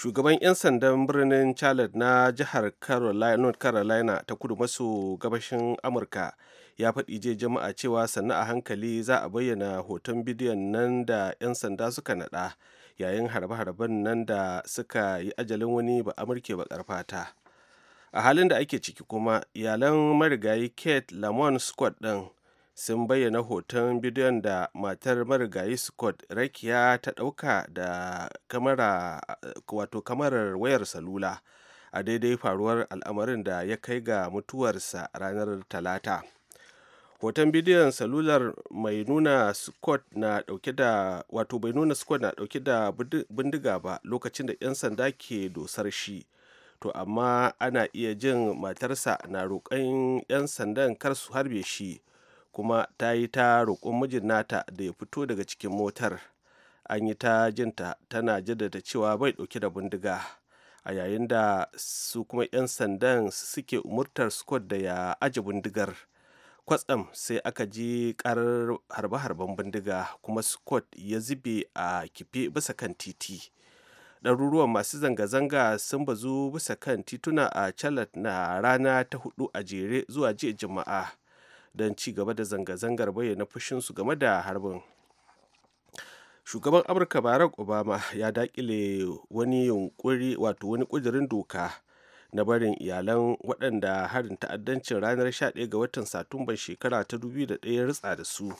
shugaban 'yan sandan birnin charlotte na jihar carolina, north carolina ta kudu maso gabashin amurka ya faɗi je jama'a cewa sannu a hankali za a bayyana hoton bidiyon nan da 'yan sanda suka naɗa yayin harbe-harben nan da suka yi ajalin wani ba amurke ba karfata a halin da ake ciki kuma iyalan marigayi kate lamon scott ɗin sun bayyana hoton bidiyon da matar marigayi scott rakiya ta ɗauka da kamarar wayar salula a daidai faruwar al'amarin da ya kai ga mutuwarsa ranar talata hoton bidiyon salular mai nuna scott na dauke da wato bai nuna scott na dauke da bindiga ba lokacin da 'yan sanda ke dosar shi to amma ana iya jin matarsa na roƙon 'yan sandan kar su harbe shi kuma ta yi ta roƙon mijin nata da ya fito daga cikin motar an yi ta jinta tana jaddada cewa bai ɗauki da bindiga a yayin da su kuma 'yan sandan suke umurtar scott da ya aji bindigar kwatsam sai aka ji karar harbe-harben bindiga kuma scott ya zube a kife bisa kan titi ɗaruruwan masu zanga-zanga sun bazu bisa kan tituna a charlotte na rana ta hudu a jere zuwa jiya juma'a don ci gaba da zanga-zangar bayyana fushinsu game da harbin shugaban amurka barack obama ya dakile wani yunkuri wato wani kudirin doka na barin iyalan waɗanda harin ta'addancin ranar 11 ga watan satumban shekara ta 2001 ritsa da su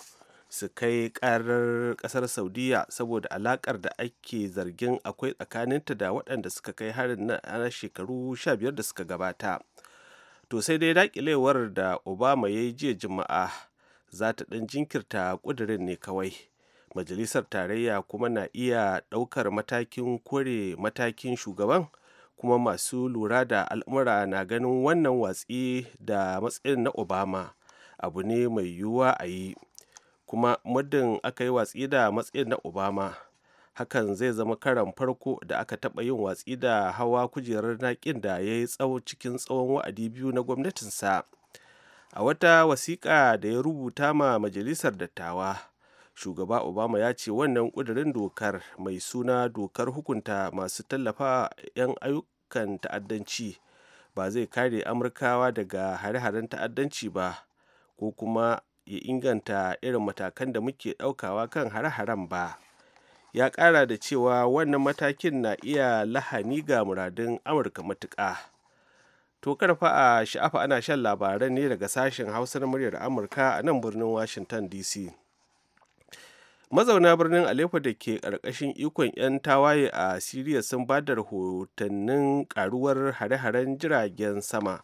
su kai karar kasar saudiya saboda alakar da ake zargin akwai tsakaninta da waɗanda suka kai harin na shekaru 15 da suka gabata to sai dai dakilewar da obama ya yi jiya juma'a za ta ɗan jinkirta ƙudirin ne kawai majalisar tarayya kuma na iya ɗaukar matakin kore matakin shugaban kuma masu lura da al'umura na ganin wannan watsi da matsayin na obama abu ne mai yiwuwa a yi kuma muddin aka yi watsi da matsayin na obama hakan zai zama karan farko da aka taɓa yin watsi da hawa kujerar naƙin da ya yi tsawo cikin tsawon wa'adi biyu na gwamnatinsa a wata wasiƙa da ya rubuta ma majalisar dattawa shugaba obama ya ce wannan ƙudurin dokar mai suna dokar hukunta masu tallafa 'yan ayyukan ta'addanci ba zai kare amurkawa daga hare-haren ta'addanci ba ko kuma ya inganta irin matakan da muke ɗaukawa kan hare-haren ba. ya ƙara da cewa wannan matakin na iya lahani ga muradun amurka matuƙa to karfa a sha'afa ana shan labaran ne daga sashen hausa na muryar amurka a nan birnin washington dc mazauna birnin aleppo da ke ƙarƙashin ikon 'yan tawaye a siriya sun ba da rahotannin karuwar hare-haren jiragen sama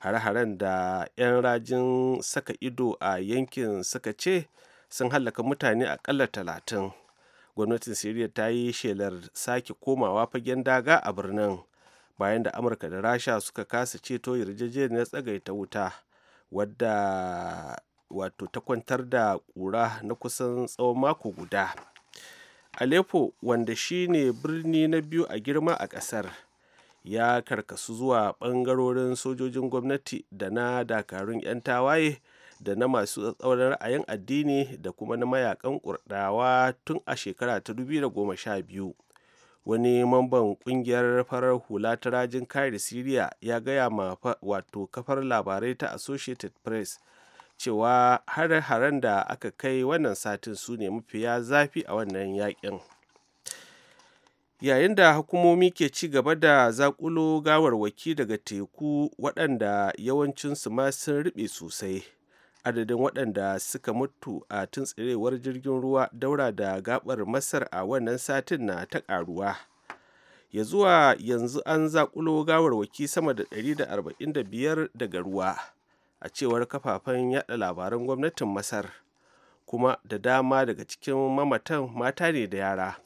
hare-haren da 'yan rajin saka ido a yankin suka ce sun hallaka mutane akalla talatin gwamnatin siriya ta yi shelar sake komawa fagen daga a birnin bayan da amurka da rasha suka kasa ceto yarjejeniyar tsagaita wuta wadda wato ta kwantar da kura na kusan tsawon mako guda aleppo wanda shine birni na biyu a girma a kasar ya karkasu zuwa bangarorin sojojin gwamnati da na dakarun 'yan tawaye da na masu tsauran ra'ayin addini da kuma na mayakan kurdawa tun a shekara ta 2012 wani mamban kungiyar farar hula ta rajin kare siriya ya gaya ma wato kafar labarai ta associated press cewa har haren da aka kai wannan satin su ne mafiya zafi a wannan yakin yayin da hukumomi ke ci gaba da zakulo gawarwaki daga teku waɗanda yawancinsu ma sun riɓe sosai adadin waɗanda suka mutu a tuntsirewar jirgin ruwa daura da gabar masar a wannan satin na ta ƙaruwa ya zuwa yanzu an zakulo gawarwaki sama da 145 daga ruwa a cewar kafafen yada labaran gwamnatin masar kuma da dama daga cikin mamatan mata ne da yara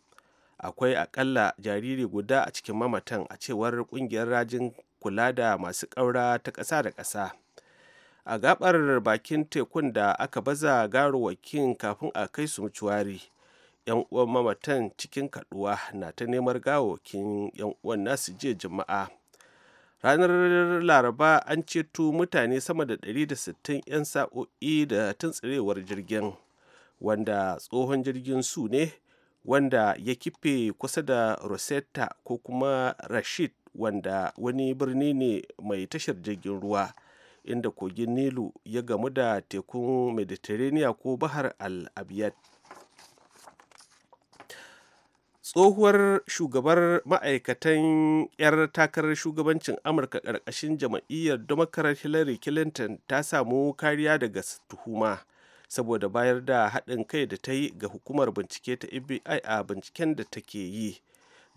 akwai akalla jariri guda a cikin mamatan a cewar kungiyar rajin kula da masu ƙaura ta ƙasa da ƙasa a gabar bakin tekun da aka baza garowakin kafin a kai su mucuwari yan uwan mamatan cikin kaduwa na ta neman gawokin yan uwan nasu jiya jama'a ranar laraba an ceto mutane sama da 160 'yan sa'o'i da tuntsirewar jirgin wanda tsohon jirgin su ne wanda ya kife kusa da rosetta ko kuma rashid wanda wani birni ne mai tashar jirgin ruwa inda kogin nilu ya gamu da tekun mediterranean ko bahar al-abiyat tsohuwar shugabar ma'aikatan 'yar takarar shugabancin amurka ƙarƙashin jam'iyyar democrat hillary clinton ta samu kariya daga tuhuma saboda bayar da haɗin kai da ta yi ga hukumar bincike ta fbi a binciken da take yi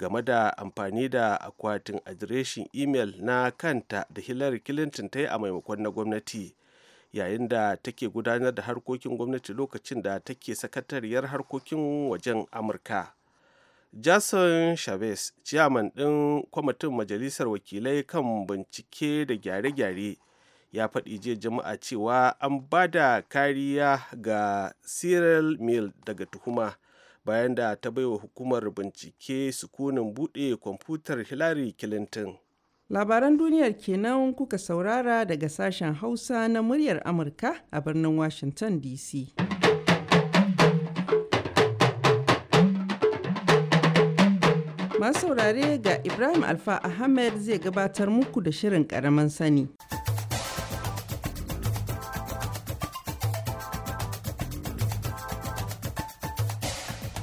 game da amfani da akwatin adireshin imel na kanta da hillary clinton ta yi a maimakon na gwamnati yayin da take gudanar da harkokin gwamnati lokacin da take sakatariyar harkokin wajen amurka jason chavez chairman ɗin kwamitin majalisar wakilai kan bincike da gyare-gyare ya faɗi je jama'a cewa an ba da kariya ga cyril mill daga tuhuma bayan da ta baiwa hukumar bincike sukunin buɗe kwamfutar hillary clinton labaran duniyar kenan kuka saurara daga sashen hausa na muryar amurka a birnin washington dc masu saurare ga ibrahim alfa ahmed zai gabatar muku da shirin karaman sani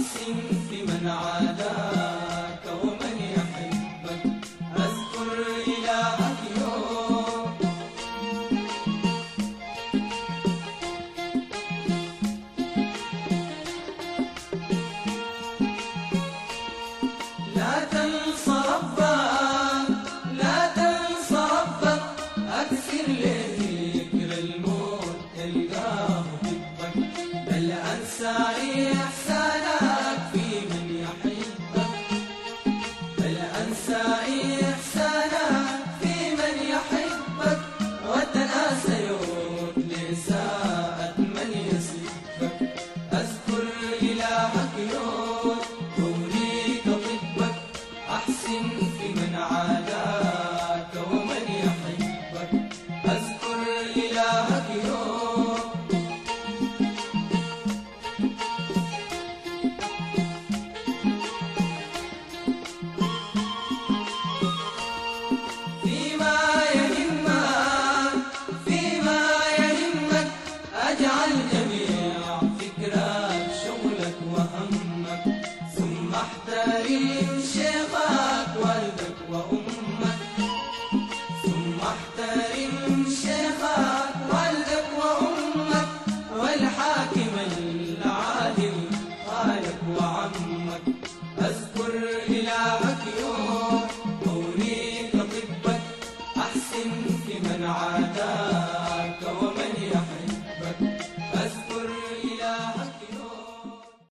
أحسن لمن عاداه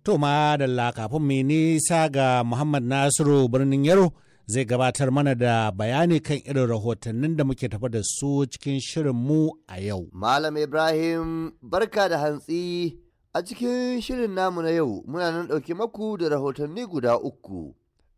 To ma da kafin mai nisa ga Muhammad Nasiru birnin Yaro zai gabatar mana da bayani kan irin rahotannin da muke tafa da su cikin shirin mu a yau. Malam Ibrahim barka da hantsi a cikin shirin namu na yau muna nan ɗauke maku da rahotanni guda uku.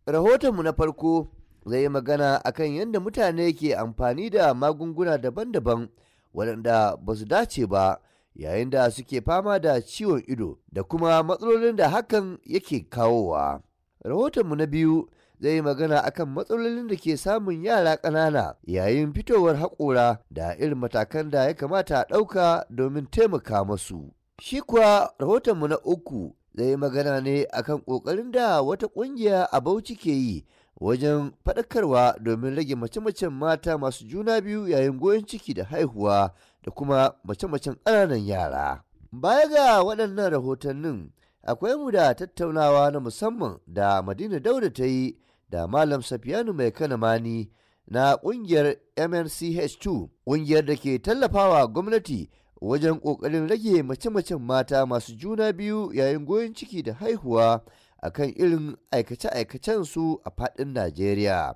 Rahotonmu na farko zai yi magana a kan yadda mutane ke amfani da magunguna daban-daban waɗanda ba su dace ba yayin da suke fama da ciwon ido da kuma matsalolin da hakan yake kawowa. Rahotonmu na biyu zai yi magana akan matsalolin da ke samun yara ƙanana yayin fitowar haƙora da irin matakan da ya kamata a ɗauka domin taimaka masu. Shi kuwa rahotonmu na uku zai magana ne akan ƙoƙarin da wata ƙungiya a Bauchi ke yi wajen faɗakarwa domin rage mace-macen mata masu juna biyu yayin goyon ciki da haihuwa da kuma mace-macen ƙananan yara. Baya ga waɗannan rahotannin akwai mu da tattaunawa na musamman da Madina Dauda ta yi da Malam Safiyanu Mai Kanamani na ƙungiyar MNCH2 ƙungiyar da ke tallafawa gwamnati wajen ƙoƙarin rage mace-macen mata masu juna biyu yayin goyon ciki da haihuwa akan irin aikace aikacen su a faɗin Najeriya.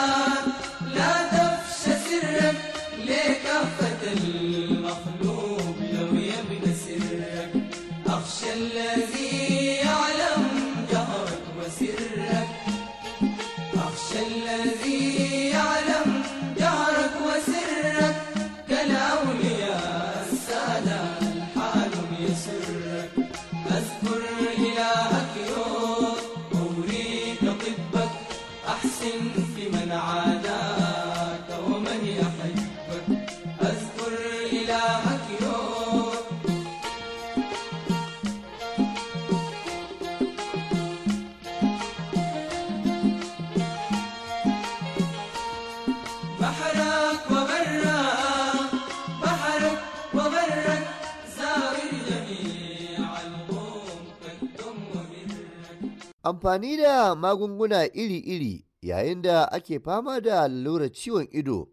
Amfani da magunguna iri-iri yayin da ake fama da lura ciwon ido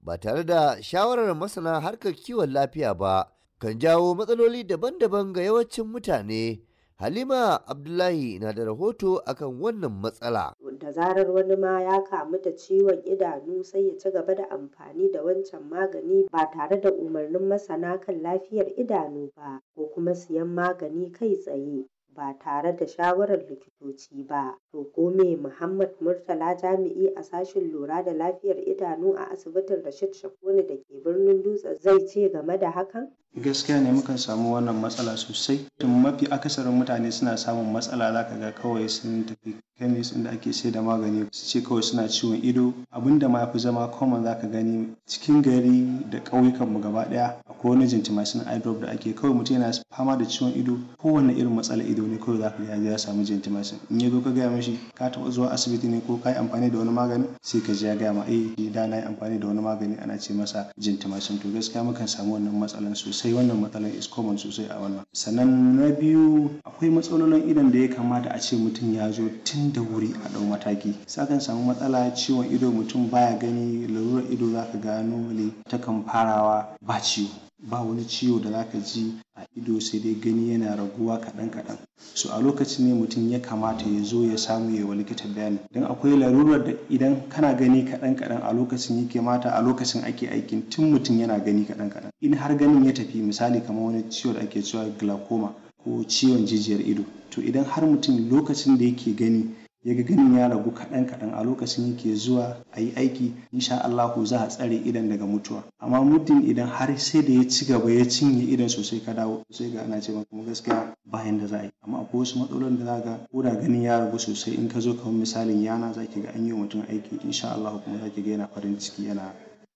ba tare da shawarar masana harkar kiwon lafiya ba kan jawo matsaloli daban-daban ga yawancin mutane. Halima Abdullahi na da rahoto akan wannan matsala. Da zarar wani ma ya kamu da ciwon idanu sai ya ci gaba da amfani da wancan magani ba tare da umarnin masana kan lafiyar idanu ba ko kuma siyan magani kai tsaye. ba tare da shawarar likitoci ba. To ko Muhammad Murtala jami'i a sashen lura da lafiyar idanu a asibitin Rashid Shakoni da ke birnin Dutse zai ce game da hakan? Gaskiya ne mukan samu wannan matsala sosai. tun Mafi akasarin mutane suna samun matsala za ka ga kawai sun tafi kemis inda ake da magani su ce kawai suna ciwon ido. Abun da ma fi zama common za ka gani cikin gari da mu gaba daya akwai wani gentamicin eye drop da ake kawai mutum yana fama da ciwon ido. Kowane irin matsala ido ne kawai za ka ga ya samu samu gentamicin. In ya zo ka gaya mishi ka taɓa zuwa asibiti ne ko ka yi amfani da wani magani sai ka je ya gaya ma eh da na yi amfani da wani magani ana ce masa gentamicin. To gaskiya mukan samu wannan matsalan sosai. sosai wannan matsalar is common sosai a wannan sannan na biyu akwai matsalolin idon da ya kamata a ce mutum ya zo tun da wuri a ɗau mataki sakan samu matsala ciwon ido mutum baya gani lalurar ido za gano ne ta takan farawa ba ciwo ba wani ciwo da za ka ji a ido sai dai gani yana raguwa kaɗan kaɗan. So a lokacin ne mutum ya kamata ya zo ya samu ya yi wa likita bayani. Don akwai larurar da idan kana gani kaɗan kaɗan a lokacin yake mata a lokacin ake aikin tun mutum yana gani kaɗan kaɗan. In har ganin ya tafi misali kamar wani ciwo da ake cewa glaucoma ko ciwon jijiyar ido. To idan har mutum lokacin da yake gani yaga ganin ya ragu kaɗan kaɗan a lokacin yake zuwa a yi aiki insha Allahu za a tsare idan daga mutuwa amma muddin idan har sai da ya ci gaba ya cinye idan sosai ka dawo sai ga ana ce kuma gaskiya bayan da za a yi amma akwai wasu matsalolin da za ga ko da ganin ya ragu sosai in ka zo kamar misalin yana zaki ga an yi mutum aiki insha Allahu kuma zaki ki ga yana farin ciki yana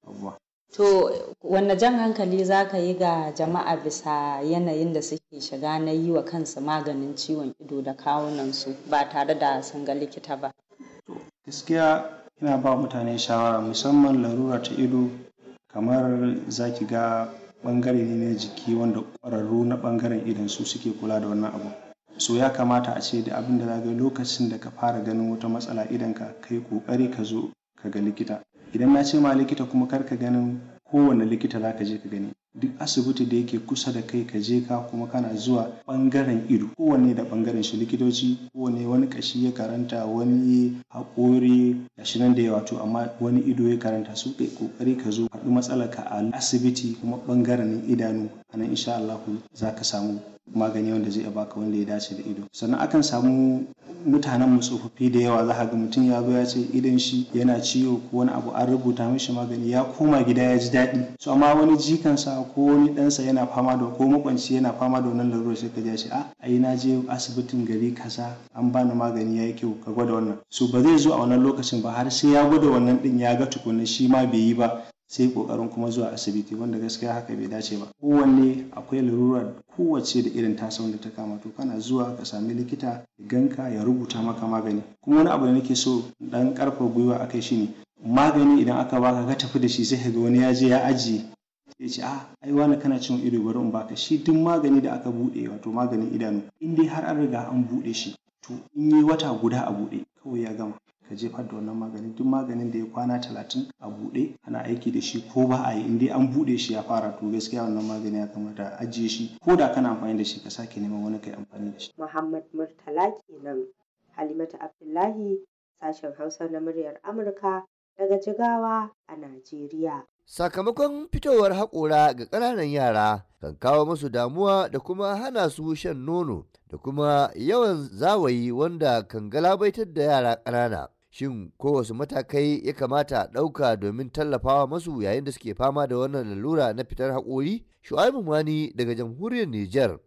abuwa. To, wanne jan hankali za ka yi ga jama'a bisa yanayin da suke shiga na yi wa kansu maganin ciwon ido da kawunansu ba tare da sun ga likita ba? Gaskiya ina ba mutane shawara musamman larura ta ido kamar za ki ga bangare ne na jiki wanda ƙwararru na ɓangaren idan su suke kula da wannan abu. So ya kamata a ce da abin da za ka lokacin da ka fara ganin wata matsala idan ka kai ƙoƙari ka zo ka ga likita. idan na ce ma likita kuma kar ka ganin kowane likita za ka je ka gani duk asibiti da yake kusa da kai ka je ka kuma kana zuwa ɓangaren ido kowane da bangaren shi likitoci kowanne wani kashi ya karanta wani haƙori shi nan da yawa to amma wani ido ya karanta su kai kokari ka zo haɗu matsalar ka a asibiti kuma ɓangaren idanu a nan insha Allah za ka samu magani wanda zai baka wanda ya dace da ido sannan akan samu mutanen mu tsofaffi da yawa za ga mutum ya zo ya ce idan shi yana ciwo ko wani abu an rubuta mishi magani ya koma gida ya ji daɗi so amma wani jikansa ko wani ɗansa yana fama da ko makwanci yana fama da wannan larurar sai ka shi a ah, ai na je asibitin gari kaza an bani magani ya yi kyau ka gwada wannan so ba zai zo a wannan lokacin ba har sai ya gwada wannan ɗin ya ga tukunna shi ma bai yi ba sai kokarin kuma zuwa asibiti wanda gaskiya haka bai dace ba kowanne akwai larurar kowace da irin tasa wanda ta kama to kana zuwa ka sami likita ganka ya rubuta maka magani kuma wani abu da nake so dan karfa gwiwa akai shine magani idan aka baka ka tafi da shi sai ga wani ya je ya ajiye sai ce a ah, ai wani kana cin ido bari in baka shi duk magani da aka buɗe wato maganin idanu in dai har an riga an bude shi to in yi wata guda a bude kawai ya gama ka jefar da wannan maganin duk maganin da ya kwana talatin a buɗe ana aiki da shi ko ba a yi in dai an buɗe shi ya fara to gaskiya wannan magani ya kamata a ajiye shi ko da kana amfani da shi ka sake neman wani kai amfani da shi. Muhammad Murtala kenan Halimatu Abdullahi sashen Hausa na muryar Amurka daga Jigawa a Najeriya. Sakamakon fitowar haƙora ga ƙananan yara kan kawo musu damuwa da kuma hana su shan nono da kuma yawan zawayi wanda kan galabaitar da yara ƙanana. shin kowace matakai ya kamata ɗauka domin tallafawa masu yayin da suke fama da wannan lalura na fitar haƙori shu'aibu mani daga jamhuriyar niger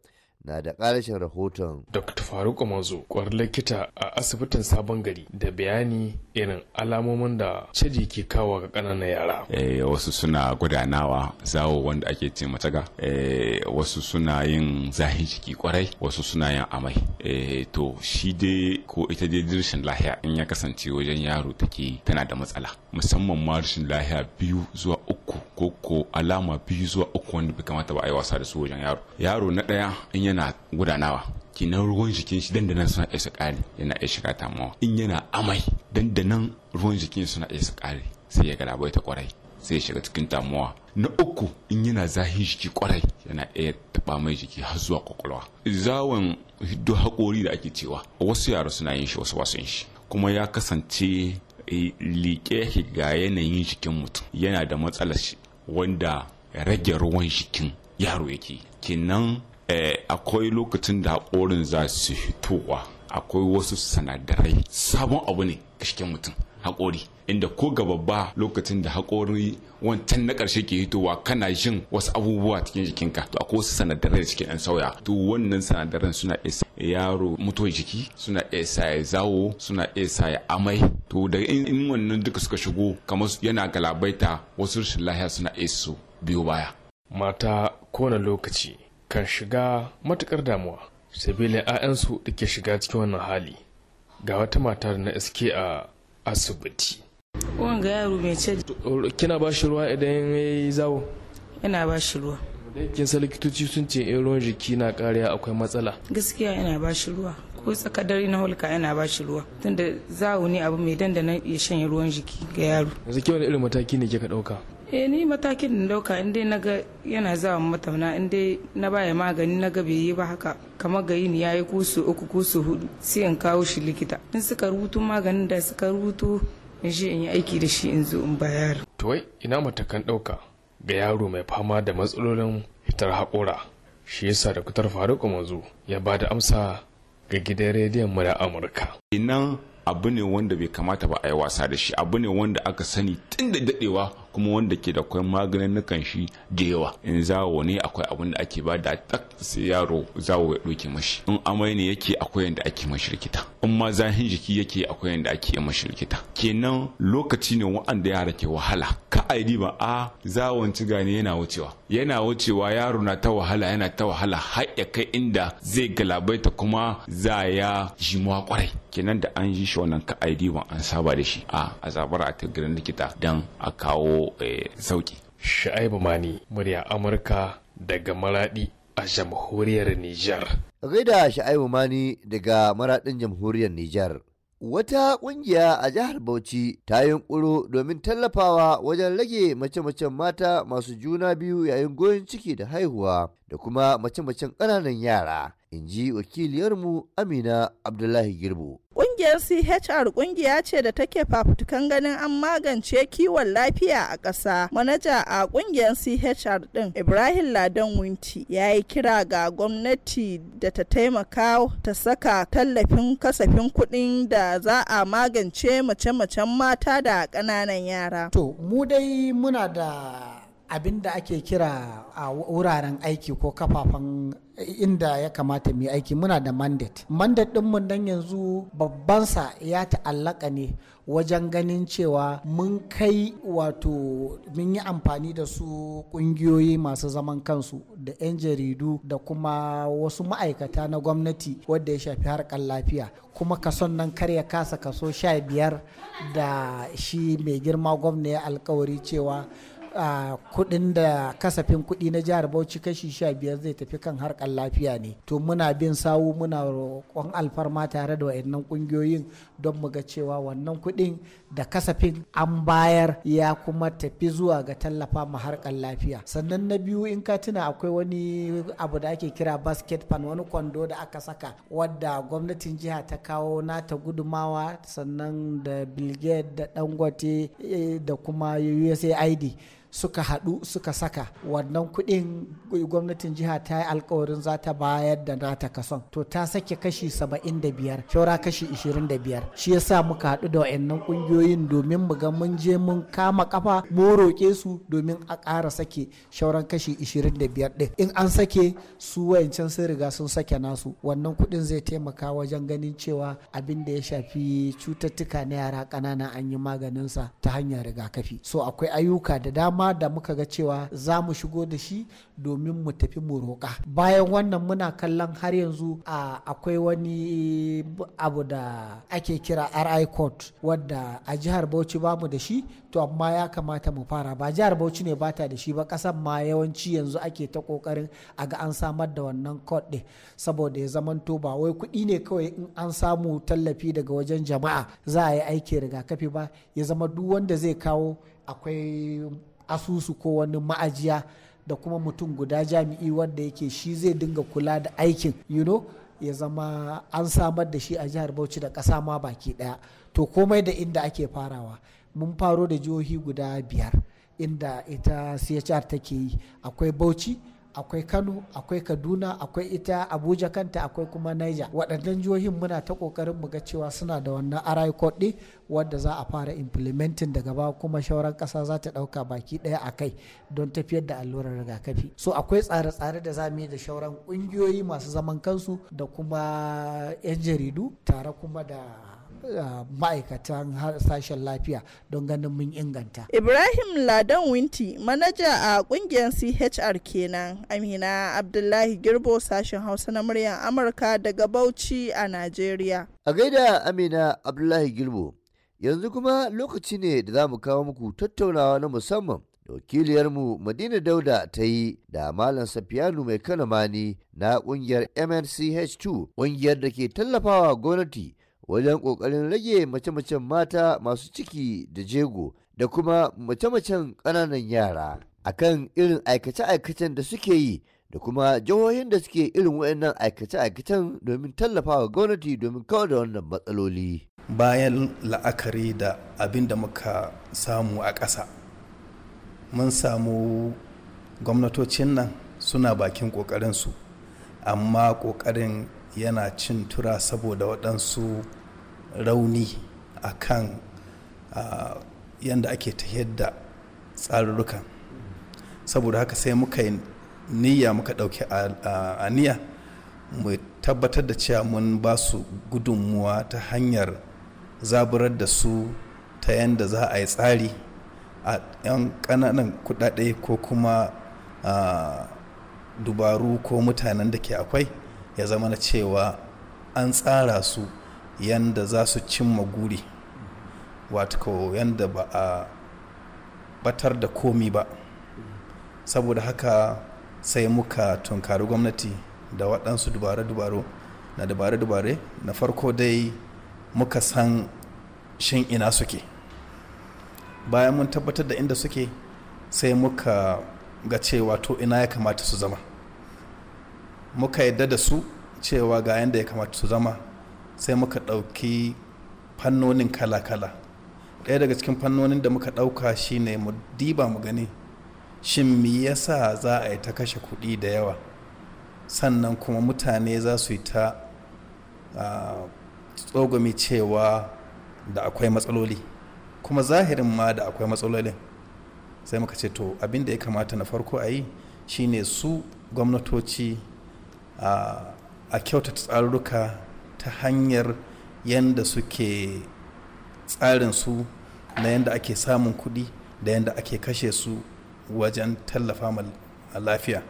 na da ƙarashin rahoton. Dr. Faruk mazo kwar likita a asibitin Sabon Gari da bayani irin alamomin da caji ke kawo ga ƙananan yara. Eh, wasu suna gudanawa zawo wanda ake ce mataga, eh, wasu suna yin zahin jiki kwarai, wasu suna yin amai. Eh, to shi dai ko ita dai rashin lahiya in ya kasance wajen yaro take tana da matsala. Musamman ma rashin lahiya biyu zuwa uku ko ko alama biyu zuwa uku wanda bai kamata ba a yi wasa da su wajen yaro. Yaro na ɗaya in ya yana gudanawa kinan ruwan jikin shi dandanan suna isa ƙari yana iya shiga tamuwa in yana amai dandanan ruwan jikin suna isa ƙari sai ya galabai ta kwarai sai ya shiga cikin tamuwa na uku in yana zahin jiki kwarai yana iya taba mai jiki har zuwa kwakwalwa zawon hiddo haƙori da ake cewa wasu yara suna yin shi wasu wasu yin shi kuma ya kasance eh, liƙe ga yanayin jikin mutum yana da matsalar shi wanda rage ruwan jikin yaro yake kenan Eh, akwai lokacin da haƙorin za su fitowa akwai wasu sanadarai sabon abu ne cikin mutum haƙori inda ko gaba ba lokacin da haƙori wancan na ƙarshe ke hitowa kana jin wasu abubuwa cikin jikinka to akwai wasu sanadarai cikin ɗan sauya to wannan sanadaran suna isa yaro mutuwar jiki suna isa ya zawo suna isa ya amai to da in wannan duka suka shigo kamar yana galabaita wasu rashin lahiya suna isa su biyo baya mata kowane lokaci kan shiga matukar damuwa sabila 'ya'yansu da ke shiga cikin wannan hali ga wata matar na iske a asibiti ga yaro mai ce kina ba shi ruwa idan ya yi zawo ina ba shi ruwa kin sa likitoci sun ce in ruwan jiki na kariya akwai matsala gaskiya ina ba shi ruwa ko tsakadari na hulka ina ba shi ruwa tunda zawo ne abu mai dandana ya shanye ruwan jiki ga yaro yanzu ke wani irin mataki ne kika dauka e ni matakin da dauka in dai ga yana zawa matauna in dai na baya magani na bai yi ba haka kamar gayi ni yayi kusu uku kusu hudu sai in kawo shi likita in suka rubutu maganin da suka rubutu in shi in yi aiki da shi in zo in bayar to wai ina matakan dauka ga yaro mai fama da matsalolin fitar haƙora shi yasa da kutar kuma zo ya ba da amsa ga gidan rediyon mu da amurka ina abu ne wanda bai kamata ba a yi wasa da shi abu ne wanda aka sani tun da dadewa kuma wanda ke da kwai maganin shi da yawa in zawo ne akwai abin da ake ba da tak sai yaro zawo ya ɗauke mashi in amai ne yake akwai yadda ake mashi rikita in ma zahin jiki yake akwai yadda ake mashi rikita kenan lokaci ne wa'anda yara ke wahala ka aidi ba a zawon ci gani yana wucewa yana wucewa yaro na ta wahala yana ta wahala har ya kai inda zai galabaita kuma za ya jimuwa kwarai kenan da an ji shi wannan ka aidi ba an saba da shi a a zabar a ta likita dan a kawo kawo eh, sauki. Sha'ibu Mani, murya Amurka daga Maradi a jamhuriyar Nijar. Gaida Sha'ibu Mani daga Maradin jamhuriyar Nijar. Wata ƙungiya a jihar Bauchi ta yi yunƙuro domin tallafawa wajen rage mace-macen mata masu juna biyu yayin goyon ciki da haihuwa da kuma mace-macen ƙananan yara, in ji wakiliyarmu Amina Abdullahi Girbu. Ƙungiyar CHR ƙungiya ce da take fafutukan ganin an magance kiwon lafiya a ƙasa. Manaja a ƙungiyar CHR ɗin Ibrahim Ladan Winti ya yi kira ga gwamnati da ta taimaka ta saka tallafin kasafin kuɗin da za a magance mace-macen mata da ƙananan yara. To, mu dai muna da abin da ake kira a wuraren aiki ko kafafen inda ya kamata mu aiki muna da mandate mandate mu nan yanzu babbansa ya ta'allaka ne wajen ganin cewa mun kai wato mun yi amfani da su ƙungiyoyi masu zaman kansu da 'yan jaridu da kuma wasu ma'aikata na gwamnati wadda ya shafi harkar lafiya kuma kason nan kar ya kasa kaso sha biyar da shi mai girma gwamna ya alkawari cewa kudin da kasafin kudi na jihar bauchi kashi sha biyar zai tafi kan harkar lafiya ne to muna bin sawu muna roƙon alfarma tare da wayannan kungiyoyin don mu ga cewa wannan kudin da kasafin an bayar ya kuma tafi zuwa ga tallafa ma harkar lafiya sannan na biyu in ka tuna akwai wani abu da ake kira basket fan wani kwando da aka saka wadda gwamnatin jiha ta kawo nata gudumawa sannan da bilgate da dangote eh, da kuma usaid suka haɗu suka saka wannan kuɗin gwamnatin jiha ta yi alkawarin za ta bayar da nata kason to ta sake kashi 75 shaura kashi 25 shi yasa muka haɗu da wayannan ƙungiyoyin domin mu ga mun je mun kama kafa mu roƙe su domin a ƙara sake shauran kashi 25 ɗin in an sake su wayancan sun riga sun sake nasu wannan kuɗin zai taimaka wajen ganin cewa abin da ya shafi cututtuka na yara ƙanana an yi sa ta hanyar rigakafi so akwai ayyuka da dama dama da muka ga cewa za mu shigo da shi domin mu tafi mu roƙa bayan wannan muna kallon har yanzu a akwai wani abu da ake kira ri court wadda a jihar bauchi ba mu da shi to amma ya kamata mu fara ba jihar bauchi ne ba ta da shi ba kasan ma yawanci yanzu ake ta kokarin a ga an samar da wannan court ɗin saboda ya zamanto ba wai kuɗi ne kawai in an samu tallafi daga wajen jama'a za a yi aiki rigakafi ba ya zama duk wanda zai kawo akwai asusu ko wani ma'ajiya da kuma mutum guda jami'i wanda yake shi zai dinga kula da aikin you know ya zama an samar da shi a jihar bauchi da ƙasa ma baki ɗaya to komai da inda ake farawa mun faro da jihohi guda biyar inda ita chr take yi akwai bauchi akwai kano akwai kaduna akwai ita abuja kanta akwai kuma niger waɗannan jihohin muna ta ƙoƙarin mu ga cewa suna da wannan arai code ɗin wadda za a fara implementing daga ba kuma shauran ƙasa za ta ɗauka baki ɗaya a kai don tafiyar da allurar rigakafi so akwai tsare-tsare da za mu yi da shauran ƙungiyoyi masu zaman kansu da kuma 'yan jaridu tare kuma da ma'aikatan sashen lafiya don ganin mun inganta. Ibrahim Ladan Winti, manaja a kungiyar CHR kenan, Amina Abdullahi Girbo sashen Hausa na muryar Amurka daga Bauchi a Najeriya. A gaida Amina Abdullahi Girbo, yanzu kuma lokaci ne da za mu kawo muku tattaunawa na musamman. wakiliyarmu madina dauda ta yi da malam safiyanu mai kanamani na kungiyar mnch2 kungiyar da ke tallafawa gwamnati wajen ƙoƙarin rage mace-macen mata masu ciki da jego da kuma mace-macen ƙananan yara a kan irin aikace-aikacen da suke yi da kuma jihohin da suke irin waɗannan aikace-aikacen domin tallafawa gwamnati domin kawar da wannan matsaloli. Bayan la'akari da abin da muka samu a ƙasa, mun samu gwamnatocin nan suna bakin ƙoƙarinsu, amma ƙoƙarin yana cin tura saboda waɗansu rauni a kan yadda ake tafiyar da tsarurrukan saboda haka sai muka yi niyya muka ɗauki aniya mu tabbatar da cewa mun ba su gudunmuwa ta hanyar zaburar da su ta yadda za a yi tsari a 'yan ƙananan kuɗaɗe ko kuma dubaru ko mutanen da ke akwai ya zama na cewa an tsara su yanda za su cimma guri wato yanda ba a batar da komi ba saboda haka sai muka tunkari gwamnati da waɗansu dubare-dubare na dubare-dubare na farko dai muka san shin ina suke bayan mun tabbatar da inda suke sai muka ga cewa to ina ya kamata su zama muka yadda da su cewa ga yadda ya kamata su zama sai muka ɗauki fannonin kala-kala ɗaya daga cikin fannonin da muka ɗauka shine mu diba mu gani shin me yasa za a yi ta kashe kuɗi da yawa sannan kuma mutane za su yi ta tsogumi cewa da akwai matsaloli kuma zahirin ma da akwai matsalolin sai muka ce to abin da ya kamata na farko a yi shine su gwamnatoci a kyautata tsarurruka ta hanyar yadda suke tsarin su na yadda ake samun kuɗi da yadda ake kashe su wajen tallafa lafiya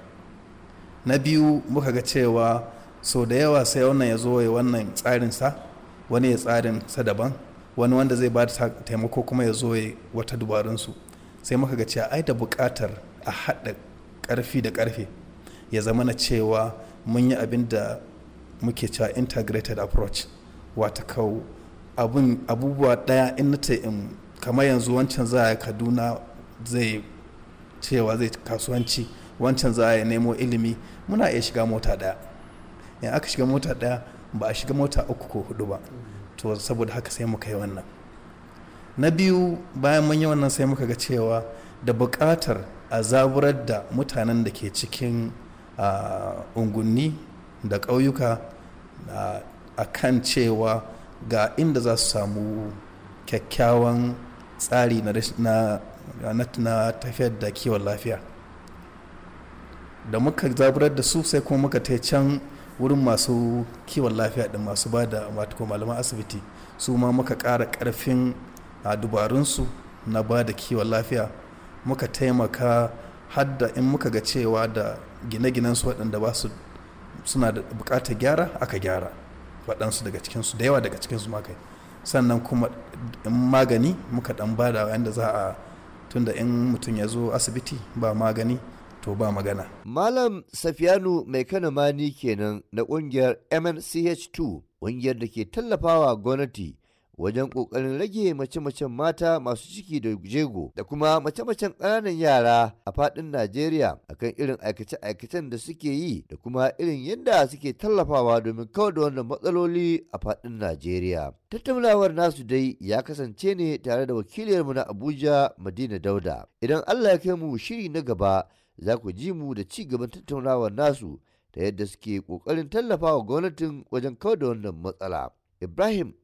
na biyu muka ga cewa sau da yawa sai wannan ya zo ya wannan tsarin sa wani ya tsarin sa daban wani wanda zai ba da taimako kuma ya zo ya wata su sai muka ga cewa ai da bukatar a haɗa ƙarfi da ƙarfe ya zama na cewa mun yi abin da muke cewa integrated approach wata kawo abubuwa daya in nace in kamar yanzu wancan za a kaduna zai cewa zai kasuwanci wancan za a nemo ilimi muna iya shiga mota daya in aka shiga mota daya ba a shiga mota uku ko hudu ba to saboda haka sai muka yi wannan na biyu bayan mun yi wannan sai muka ga cewa da buƙatar a zaburar da mutanen da ke cikin a ungunni da ƙauyuka a kan cewa ga inda za su samu kyakkyawan tsari na tafiyar da kiwon lafiya da muka zaburar da su sai kuma muka ta can wurin masu kiwon lafiya da masu ba da ko malaman asibiti su ma muka ƙara ƙarfin dubarunsu na ba da kiwon lafiya muka taimaka hadda in muka ga cewa da gine-ginen su waɗanda ba su suna da buƙatar gyara aka gyara waɗansu daga cikinsu da yawa daga cikinsu ma kai sannan kuma in magani muka ɗan bada yadda za a tunda in mutum ya zo asibiti ba magani to ba magana. Malam Safiyanu mai kana kenan na ƙungiyar MNCH2 ƙungiyar da ke tallafawa gwamnati wajen ƙoƙarin rage mace-macen mata masu ciki da jego da kuma mace-macen ƙananan yara a faɗin Najeriya akan irin aikace-aikacen da suke yi da kuma irin yadda suke tallafawa domin kawar da wannan matsaloli a faɗin Najeriya. Tattaunawar nasu dai ya kasance ne tare da wakiliyarmu na Abuja Madina Dauda. Idan Allah ya kai mu shiri na gaba za ku ji mu da ci gaban tattaunawar nasu ta yadda suke ƙoƙarin tallafawa gwamnatin wajen kawar da wannan matsala. Ibrahim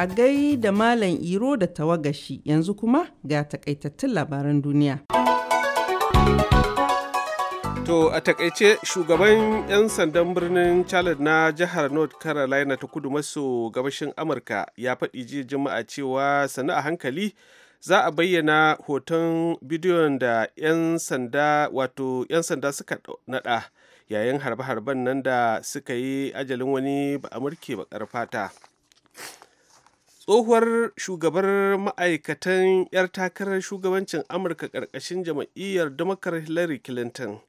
a gai da Malam Iro da tawagashi yanzu kuma ga takaitattun labaran duniya. To a takaice shugaban 'yan sandan birnin Charlotte na jihar North Carolina ta kudu maso gabashin Amurka ya faɗi jiya juma'a cewa sana a hankali za a bayyana hoton bidiyon da 'yan sanda wato 'yan sanda suka naɗa yayin harbe-harben nan da suka yi ajalin wani ba amurke bakar fata. tsohuwar shugabar ma'aikatan 'yar takarar shugabancin amurka ƙarƙashin jam'iyyar damakar hillary clinton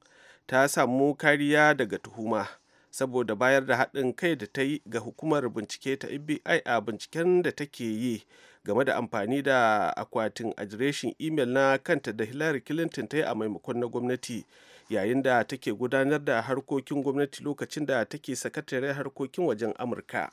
ta samu kariya daga tuhuma saboda bayar da haɗin kai da ta yi ga hukumar bincike ta fbi a binciken da take yi game da amfani da akwatin adireshin imel na kanta da hillary clinton ta yi a maimakon na gwamnati yayin da take gudanar da harkokin gwamnati lokacin da take sakatare harkokin wajen amurka